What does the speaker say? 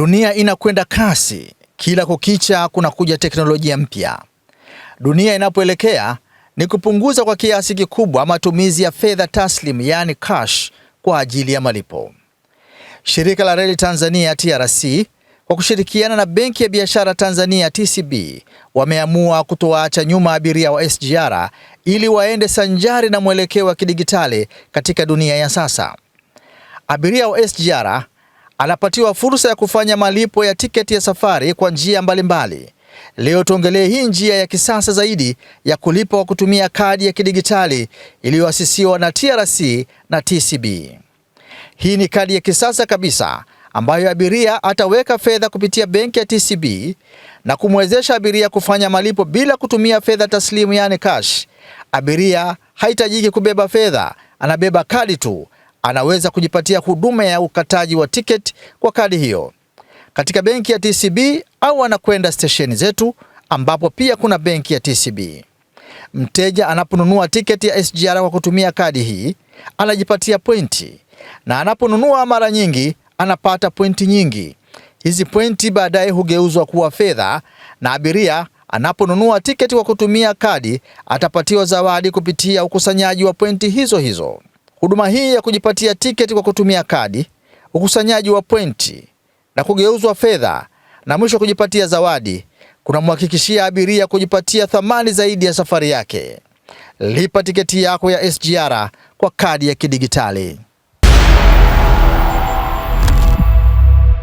Dunia inakwenda kasi, kila kukicha kunakuja teknolojia mpya. Dunia inapoelekea ni kupunguza kwa kiasi kikubwa matumizi ya fedha taslim, yaani cash, kwa ajili ya malipo. Shirika la Reli Tanzania TRC kwa kushirikiana na Benki ya Biashara Tanzania TCB wameamua kutowaacha nyuma abiria wa SGR ili waende sanjari na mwelekeo wa kidigitali katika dunia ya sasa. Abiria wa SGR anapatiwa fursa ya kufanya malipo ya tiketi ya safari kwa njia mbalimbali. Leo tuongelee hii njia ya kisasa zaidi ya kulipa kwa kutumia kadi ya kidigitali iliyoasisiwa na TRC na TCB. Hii ni kadi ya kisasa kabisa ambayo abiria ataweka fedha kupitia benki ya TCB na kumwezesha abiria kufanya malipo bila kutumia fedha taslimu, yani cash. Abiria haitajiki kubeba fedha, anabeba kadi tu anaweza kujipatia huduma ya ukataji wa tiketi kwa kadi hiyo katika benki ya TCB au anakwenda stesheni zetu ambapo pia kuna benki ya TCB. Mteja anaponunua tiketi ya SGR kwa kutumia kadi hii anajipatia pointi, na anaponunua mara nyingi anapata pointi nyingi. Hizi pointi baadaye hugeuzwa kuwa fedha, na abiria anaponunua tiketi kwa kutumia kadi atapatiwa zawadi kupitia ukusanyaji wa pointi hizo hizo. Huduma hii ya kujipatia tiketi kwa kutumia kadi, ukusanyaji wa pointi na kugeuzwa fedha na mwisho kujipatia zawadi kunamhakikishia abiria kujipatia thamani zaidi ya safari yake. Lipa tiketi yako ya SGR kwa kadi ya kidigitali.